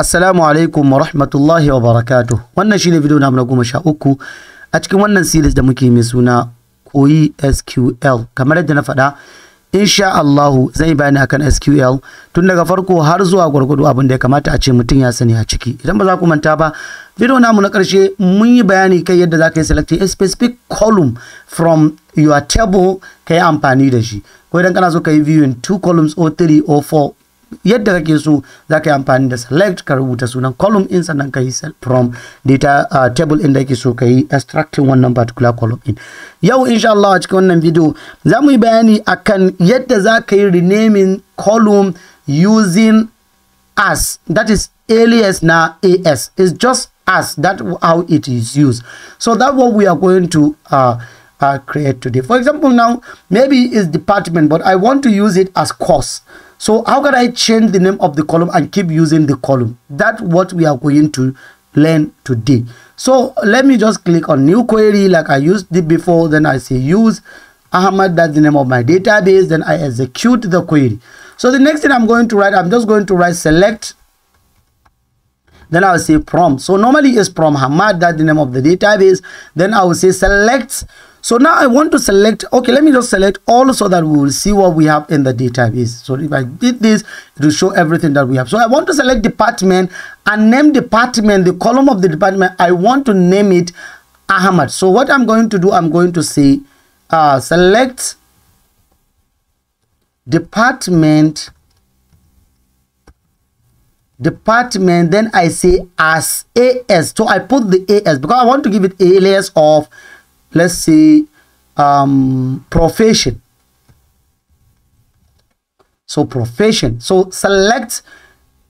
Assalamu alaikum wa rahmatullahi wa barakatu Wannan shine video namu na goma sha uku a cikin wannan series da muke mai suna koyi SQL. Kamar yadda na faɗa, insha Allahu zan yi bayani akan SQL tun daga farko har zuwa gwargwado abin da ya kamata a ce mutum ya sani a ciki. Idan ba za ku manta ba, video namu na ƙarshe mun yi bayani kai yadda za ka yi select a specific column from your table ka yi amfani da shi. Ko idan kana so ka yi viewing two columns or three or four yadda kake so za yi amfani da select ka rubuta sunan column in sannan ka yi from data uh, table in da kake so ka yi extracting wannan particular column in yau insha Allah a cikin wannan video za mu yi bayani akan yadda za yi renaming column using as that is alias na as is just as that how it is used so that what we are going to uh, uh, create today for example now maybe it's department but I want to use it as course So how can I change the name of the column and keep using the column? That's what we are going to learn today. So let me just click on new query like I used it before. Then I say use Ahmad, that's the name of my database. Then I execute the query. So the next thing I'm going to write, I'm just going to write select. Then I'll say from. So normally it's from Hamad, that's the name of the database. Then I will say select so now i want to select okay let me just select all so that we will see what we have in the database so if i did this it will show everything that we have so i want to select department and name department the column of the department i want to name it ahmad so what i'm going to do i'm going to say uh, select department department then i say as as so i put the as because i want to give it alias of let's see um, profession so profession so select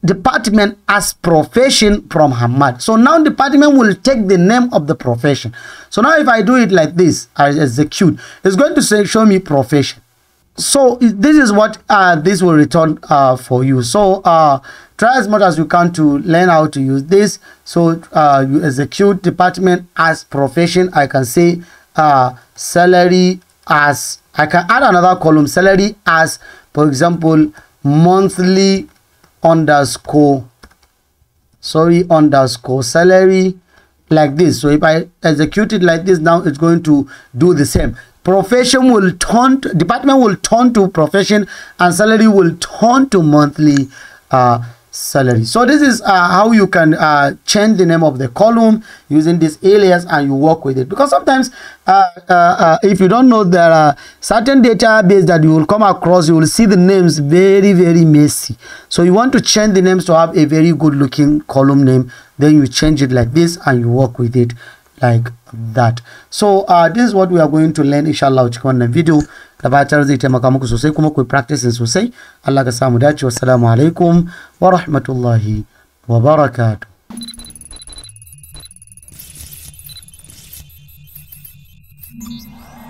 department as profession from Hamad. So now department will take the name of the profession. So now if I do it like this, I execute, it's going to say, show me profession so this is what uh, this will return uh, for you so uh, try as much as you can to learn how to use this so uh, you execute department as profession I can say uh, salary as I can add another column salary as for example monthly underscore sorry underscore salary like this so if I execute it like this now it's going to do the same profession will turn to, department will turn to profession and salary will turn to monthly uh, salary so this is uh, how you can uh, change the name of the column using this alias and you work with it because sometimes uh, uh, uh, if you don't know there are certain database that you will come across you will see the names very very messy so you want to change the names to have a very good looking column name then you change it like this and you work with it like that so uh, this is what we are going to learn inshallah cikin wannan video da fatar zai taimaka muku kuma ku practice sosai Allah ka samu dace wassalamu alaikum wa rahmatullahi wa barakatuh you